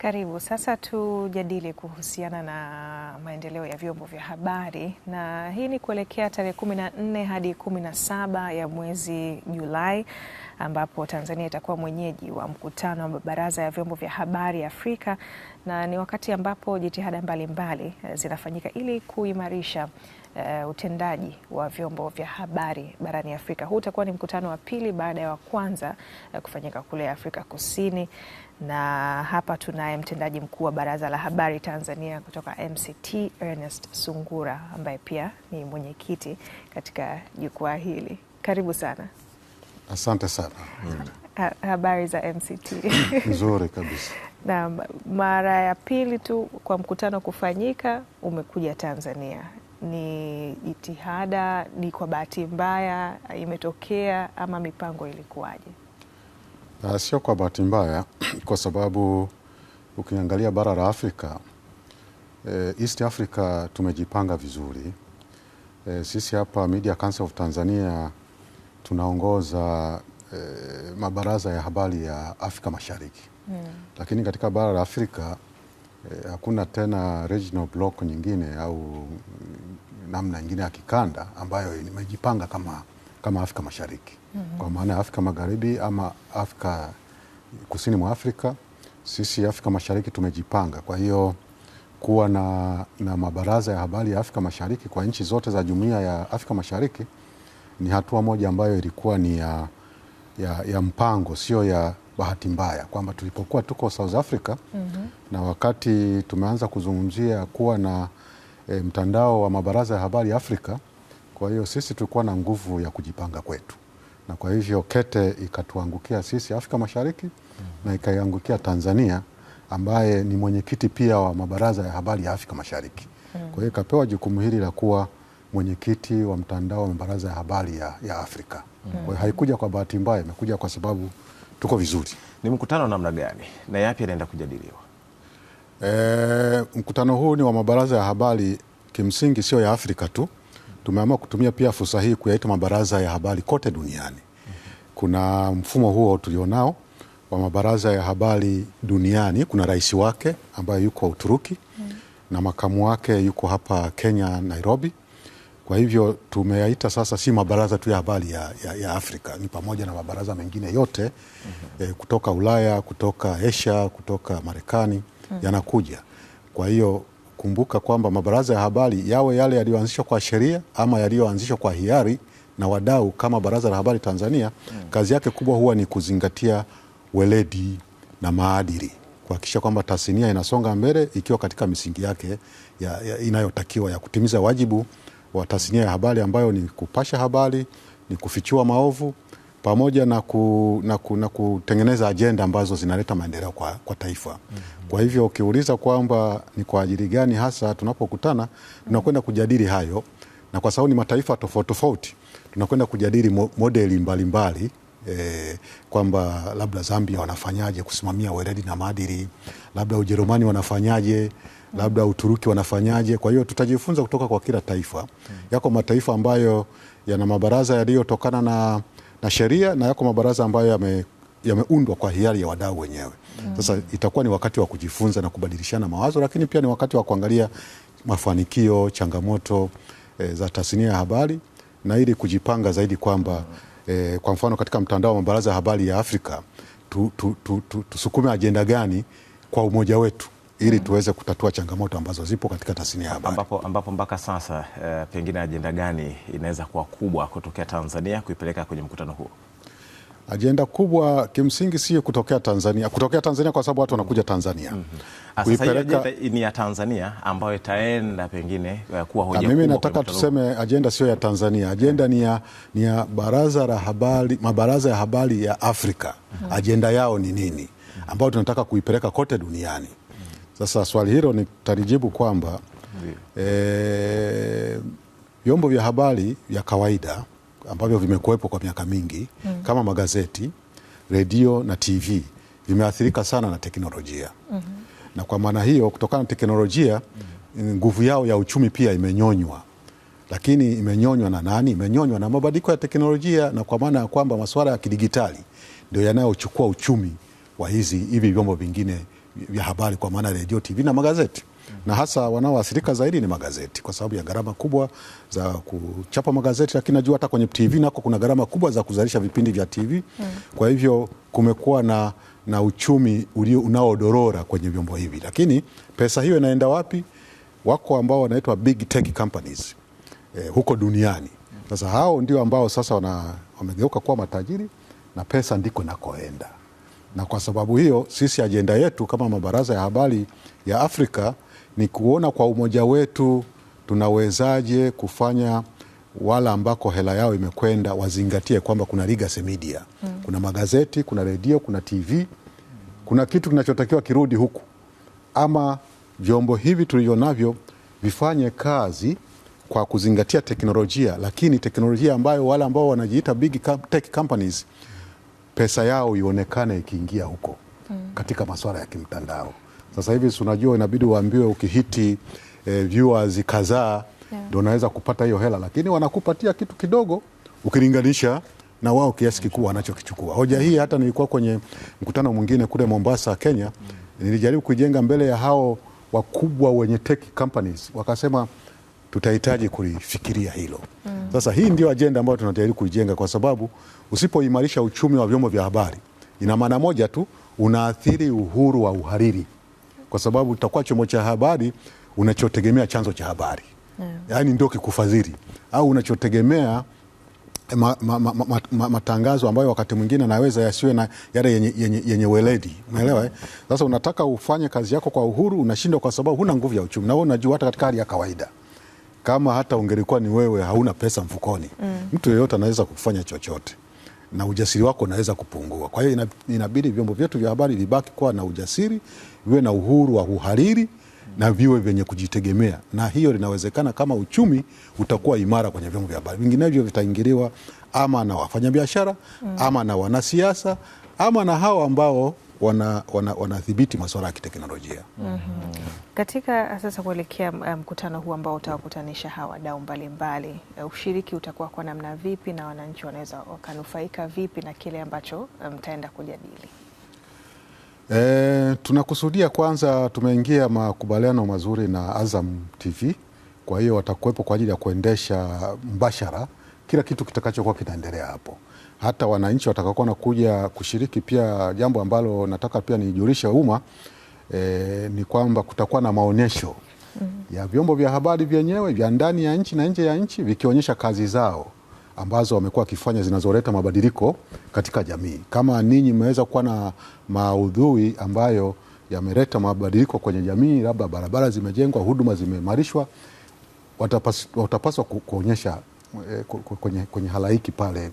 Karibu. Sasa tujadili kuhusiana na maendeleo ya vyombo vya habari, na hii ni kuelekea tarehe kumi na nne hadi kumi na saba ya mwezi Julai ambapo Tanzania itakuwa mwenyeji wa mkutano wa Baraza ya Vyombo vya Habari Afrika, na ni wakati ambapo jitihada mbalimbali mbali eh, zinafanyika ili kuimarisha uh, utendaji wa vyombo vya habari barani Afrika. Huu utakuwa ni mkutano wa pili baada ya wa kwanza uh, kufanyika kule Afrika Kusini na hapa tunaye mtendaji mkuu wa Baraza la Habari Tanzania kutoka MCT Ernest Sungura ambaye pia ni mwenyekiti katika jukwaa hili. Karibu sana. Asante sana. Ha, habari za MCT? Nzuri kabisa. Na mara ya pili tu kwa mkutano kufanyika umekuja Tanzania. Ni jitihada, ni kwa bahati mbaya imetokea ama mipango ilikuwaje? Uh, sio kwa bahati mbaya kwa sababu ukiangalia bara la Afrika eh, East Africa tumejipanga vizuri eh, sisi hapa Media Council of Tanzania tunaongoza eh, mabaraza ya habari ya Afrika Mashariki mm. Lakini katika bara la Afrika eh, hakuna tena regional block nyingine au namna nyingine ya kikanda ambayo imejipanga kama, kama Afrika Mashariki kwa maana ya Afrika Magharibi ama Afrika kusini mwa Afrika, sisi Afrika Mashariki tumejipanga. Kwa hiyo kuwa na, na mabaraza ya habari ya Afrika Mashariki kwa nchi zote za Jumuiya ya Afrika Mashariki ni hatua moja ambayo ilikuwa ni ya, ya, ya mpango, sio ya bahati mbaya, kwamba tulipokuwa tuko South Africa mm -hmm. na wakati tumeanza kuzungumzia kuwa na e, mtandao wa mabaraza ya habari Afrika, kwa hiyo sisi tulikuwa na nguvu ya kujipanga kwetu na kwa hivyo kete ikatuangukia sisi Afrika Mashariki mm -hmm. na ikaiangukia Tanzania ambaye ni mwenyekiti pia wa mabaraza ya habari ya Afrika Mashariki mm -hmm. kwa hiyo ikapewa jukumu hili la kuwa mwenyekiti wa mtandao wa mabaraza ya habari ya, ya Afrika mm -hmm. kwa hiyo haikuja kwa bahati mbaya, imekuja kwa sababu tuko vizuri. Ni mkutano namna gani na yapi yanaenda kujadiliwa? E, mkutano huu ni wa mabaraza ya habari kimsingi, sio ya Afrika tu tumeamua kutumia pia fursa hii kuyaita mabaraza ya habari kote duniani. Kuna mfumo huo tulionao wa mabaraza ya habari duniani. Kuna rais wake ambaye yuko Uturuki na makamu wake yuko hapa Kenya, Nairobi. Kwa hivyo tumeyaita sasa si mabaraza tu ya habari ya, ya, ya Afrika, ni pamoja na mabaraza mengine yote mm -hmm. e, kutoka Ulaya, kutoka Asia, kutoka Marekani mm -hmm. yanakuja. Kwa hiyo kumbuka kwamba mabaraza ya habari yawe yale yaliyoanzishwa kwa sheria ama yaliyoanzishwa kwa hiari na wadau kama Baraza la Habari Tanzania hmm. Kazi yake kubwa huwa ni kuzingatia weledi na maadili, kuhakikisha kwamba tasnia inasonga mbele ikiwa katika misingi yake ya, ya, inayotakiwa ya kutimiza wajibu wa tasnia ya habari ambayo ni kupasha habari, ni kufichua maovu pamoja na, ku, na, ku, na kutengeneza ajenda ambazo zinaleta maendeleo kwa, kwa taifa. mm -hmm. Kwa hivyo ukiuliza kwamba ni kwa ajili gani hasa tunapokutana tunakwenda kujadili hayo, na kwa sababu ni mataifa tofauti tofauti tunakwenda kujadili modeli mbalimbali eh, kwamba labda Zambia wanafanyaje kusimamia weledi na maadili, labda Ujerumani wanafanyaje labda Uturuki wanafanyaje. Kwa hiyo tutajifunza kutoka kwa kila taifa. Yako mataifa ambayo yana mabaraza yaliyotokana na na sheria na yako mabaraza ambayo yame yameundwa kwa hiari ya wadau wenyewe. Mm. Sasa itakuwa ni wakati wa kujifunza na kubadilishana mawazo, lakini pia ni wakati wa kuangalia mafanikio, changamoto e, za tasnia ya habari na ili kujipanga zaidi kwamba e, kwa mfano katika mtandao wa mabaraza ya habari ya Afrika tusukume tu, tu, tu, tu ajenda gani kwa umoja wetu ili tuweze kutatua changamoto ambazo zipo katika tasnia ya habari, ambapo, ambapo mpaka sasa eh, pengine ajenda gani inaweza kuwa kubwa kutokea Tanzania kuipeleka kwenye mkutano huo? Ajenda kubwa kimsingi sio kutokea Tanzania, kutokea Tanzania kwa sababu watu wanakuja Tanzania. mm -hmm. Kuipeleka... ni ya Tanzania ambayo itaenda pengine eh, kuwa hoja. Mimi nataka tuseme ajenda sio ya Tanzania, ajenda ni ya, ni ya baraza la habari, mabaraza ya habari ya Afrika. mm -hmm. Ajenda yao ni nini ambayo tunataka kuipeleka kote duniani? Sasa swali hilo nitalijibu kwamba e, vyombo vya habari vya kawaida ambavyo vimekuwepo kwa miaka mingi mm. kama magazeti, redio na TV vimeathirika sana na teknolojia mm -hmm. na kwa maana hiyo kutokana na teknolojia hmm. nguvu yao ya uchumi pia imenyonywa lakini imenyonywa na nani? Imenyonywa na mabadiliko ya teknolojia, na kwa maana ya kwamba masuala ya kidigitali ndio yanayochukua uchumi wa hizi hivi vyombo vingine vya habari kwa maana redio, TV na magazeti na hasa wanaoathirika zaidi ni magazeti kwa sababu ya gharama kubwa za kuchapa magazeti, lakini najua hata kwenye TV nako kuna gharama kubwa za kuzalisha vipindi vya TV mm. Kwa hivyo kumekuwa na, na uchumi unaodorora kwenye vyombo hivi, lakini pesa hiyo inaenda wapi? Wako ambao wanaitwa big tech companies eh, huko duniani. Sasa hao ndio ambao sasa wana, wamegeuka kuwa matajiri na pesa ndiko nakoenda na kwa sababu hiyo sisi ajenda yetu kama mabaraza ya habari ya Afrika ni kuona kwa umoja wetu tunawezaje kufanya wala ambako hela yao imekwenda wazingatie kwamba kuna legacy media mm. kuna magazeti, kuna redio, kuna TV, kuna kitu kinachotakiwa kirudi huku, ama vyombo hivi tulivyo navyo vifanye kazi kwa kuzingatia teknolojia, lakini teknolojia ambayo wale ambao wanajiita big tech companies pesa yao ionekane ikiingia huko mm. katika masuala ya kimtandao. Sasa hivi unajua, inabidi waambiwe ukihiti eh, viewers kadhaa yeah. ndio unaweza kupata hiyo hela, lakini wanakupatia kitu kidogo ukilinganisha na wao kiasi kikubwa wanachokichukua. Hoja hii hata nilikuwa kwenye mkutano mwingine kule Mombasa, Kenya, nilijaribu kuijenga mbele ya hao wakubwa wenye tech companies, wakasema tutahitaji kulifikiria hilo mm. Sasa hii ndio ajenda ambayo tunajaribu kuijenga, kwa sababu usipoimarisha uchumi wa vyombo vya habari, ina maana moja tu, unaathiri uhuru wa uhariri, kwa sababu utakuwa chombo cha habari unachotegemea chanzo cha habari yeah. Yaani ndio kikufadhili au unachotegemea ma, ma, ma, ma, ma, matangazo ambayo wakati mwingine naweza yasiwe na yale yenye, yenye, yenye weledi. Umeelewa eh? Sasa unataka ufanye kazi yako kwa uhuru, unashindwa kwa sababu huna nguvu ya uchumi, na wewe unajua hata katika hali ya kawaida kama hata ungelikuwa ni wewe hauna pesa mfukoni mm. mtu yeyote anaweza kufanya chochote na ujasiri wako unaweza kupungua. Kwa hiyo inabidi vyombo vyetu vya habari vibaki kuwa na ujasiri, viwe na uhuru wa uhariri na viwe vyenye kujitegemea, na hiyo linawezekana kama uchumi utakuwa imara kwenye vyombo vya habari, vinginevyo vitaingiliwa ama na wafanyabiashara mm. ama na wanasiasa ama na hao ambao wanadhibiti wana, wana masuala ya kiteknolojia mm -hmm. Katika uh, sasa kuelekea uh, mkutano um, huu ambao utawakutanisha hawa wadau mbalimbali, uh, ushiriki utakuwa kwa namna vipi na wananchi wanaweza wakanufaika vipi na kile ambacho mtaenda um, kujadili? E, tunakusudia kwanza, tumeingia makubaliano mazuri na Azam TV, kwa hiyo watakuwepo kwa ajili ya kuendesha mbashara kila kitu kitakachokuwa kinaendelea hapo. Hata wananchi watakaokuwa kuja kushiriki, pia jambo ambalo nataka pia nijulishe umma e, ni kwamba kutakuwa na maonyesho mm -hmm. ya vyombo vya habari vyenyewe vya ndani ya nchi na nje ya nchi vikionyesha kazi zao ambazo wamekuwa wakifanya zinazoleta mabadiliko katika jamii. Kama ninyi mmeweza kuwa na maudhui ambayo yameleta mabadiliko kwenye jamii, labda barabara zimejengwa, huduma zimeimarishwa, watapaswa kuonyesha Eh, kwenye, kwenye halaiki pale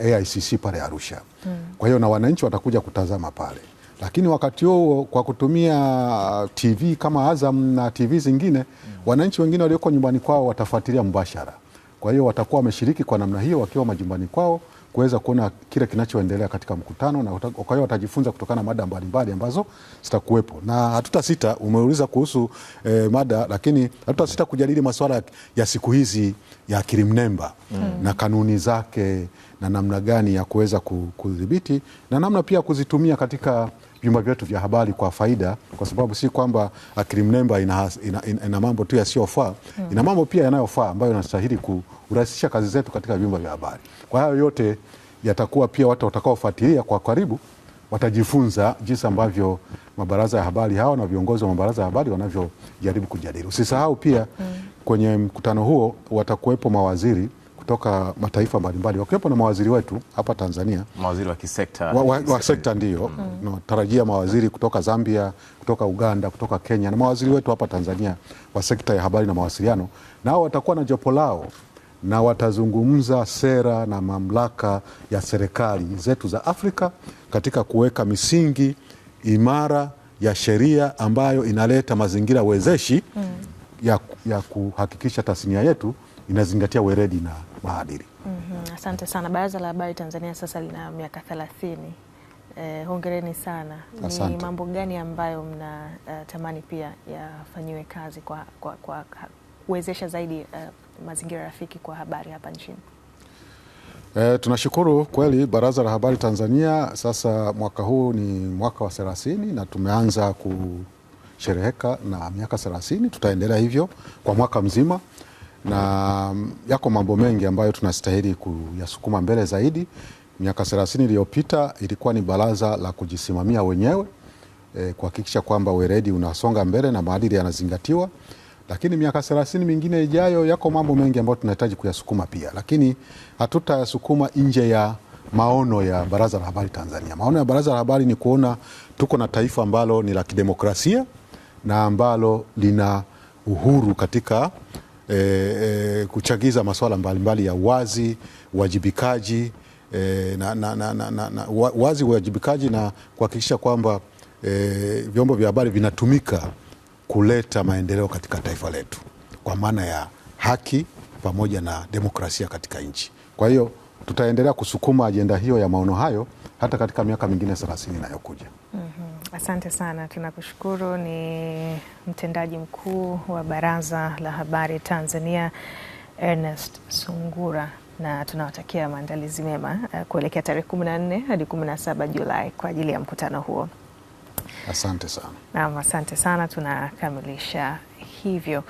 eh, AICC pale Arusha mm. Kwa hiyo na wananchi watakuja kutazama pale, lakini wakati huo kwa kutumia TV kama Azam na TV zingine mm. Wananchi wengine walioko nyumbani kwao watafuatilia mbashara. Kwa hiyo watakuwa wameshiriki kwa namna hiyo wakiwa majumbani kwao kuweza kuona kile kinachoendelea katika mkutano, na kwa hiyo watajifunza kutokana na mada mbalimbali ambazo zitakuwepo, na sita Umeuliza kuhusu eh, mada, lakini sita kujadili masuala ya siku hizi ya akili mnemba mm. na kanuni zake na namna gani ya kuweza kudhibiti na namna pia kuzitumia katika vyumba vyetu vya habari kwa faida, kwa sababu si kwamba akili mnemba ina, ina, ina, ina mambo tu yasiyofaa mm. ina mambo pia yanayofaa ambayo yanastahili kurahisisha kazi zetu katika vyumba vya habari. Kwa hayo yote yatakuwa pia watu watakaofuatilia kwa karibu watajifunza jinsi ambavyo mabaraza ya habari hawa na viongozi wa mabaraza ya habari wanavyojaribu kujadili. Usisahau pia mm kwenye mkutano huo watakuwepo mawaziri kutoka mataifa mbalimbali wakiwepo na mawaziri wetu hapa Tanzania, mawaziri wa kisekta wa, wa, wa sekta ndio mm. mm. no, tarajia mawaziri kutoka Zambia, kutoka Uganda, kutoka Kenya na mawaziri wetu hapa Tanzania wa sekta ya habari na mawasiliano, nao watakuwa na jopo lao na watazungumza sera na mamlaka ya serikali zetu za Afrika katika kuweka misingi imara ya sheria ambayo inaleta mazingira wezeshi mm ya, ya kuhakikisha tasnia yetu inazingatia weredi na maadili. mm -hmm. Asante sana. Baraza la Habari Tanzania sasa lina miaka thelathini. Eh, hongereni sana. Asante. Ni mambo gani ambayo mna uh, tamani pia yafanyiwe kazi kwa, kwa, kwa kuwezesha zaidi uh, mazingira rafiki kwa habari hapa nchini? Eh, tunashukuru kweli Baraza la Habari Tanzania sasa mwaka huu ni mwaka wa thelathini na tumeanza ku kushereheka na miaka 30. Tutaendelea hivyo kwa mwaka mzima, na yako mambo mengi ambayo tunastahili kuyasukuma mbele zaidi. Miaka 30 iliyopita ilikuwa ni baraza la kujisimamia wenyewe e, kuhakikisha kwamba weredi unasonga mbele na maadili yanazingatiwa, lakini miaka 30 mingine ijayo yako mambo mengi ambayo tunahitaji kuyasukuma pia, lakini hatutayasukuma nje ya maono ya Baraza la Habari Tanzania. Maono ya Baraza la Habari ni kuona tuko na taifa ambalo ni la kidemokrasia na ambalo lina uhuru katika e, e, kuchagiza masuala mbalimbali ya wazi uwajibikaji e, na, na, na, na, na, wazi uwajibikaji na kuhakikisha kwamba e, vyombo vya habari vinatumika kuleta maendeleo katika taifa letu kwa maana ya haki pamoja na demokrasia katika nchi. Kwa hiyo tutaendelea kusukuma ajenda hiyo ya maono hayo hata katika miaka mingine thelathini inayokuja. mm -hmm. Asante sana, tunakushukuru. Ni mtendaji mkuu wa Baraza la Habari Tanzania Ernest Sungura, na tunawatakia maandalizi mema eh, kuelekea tarehe 14 hadi 17 Julai kwa ajili ya mkutano huo. Asante sana. Naam, asante sana, tunakamilisha hivyo.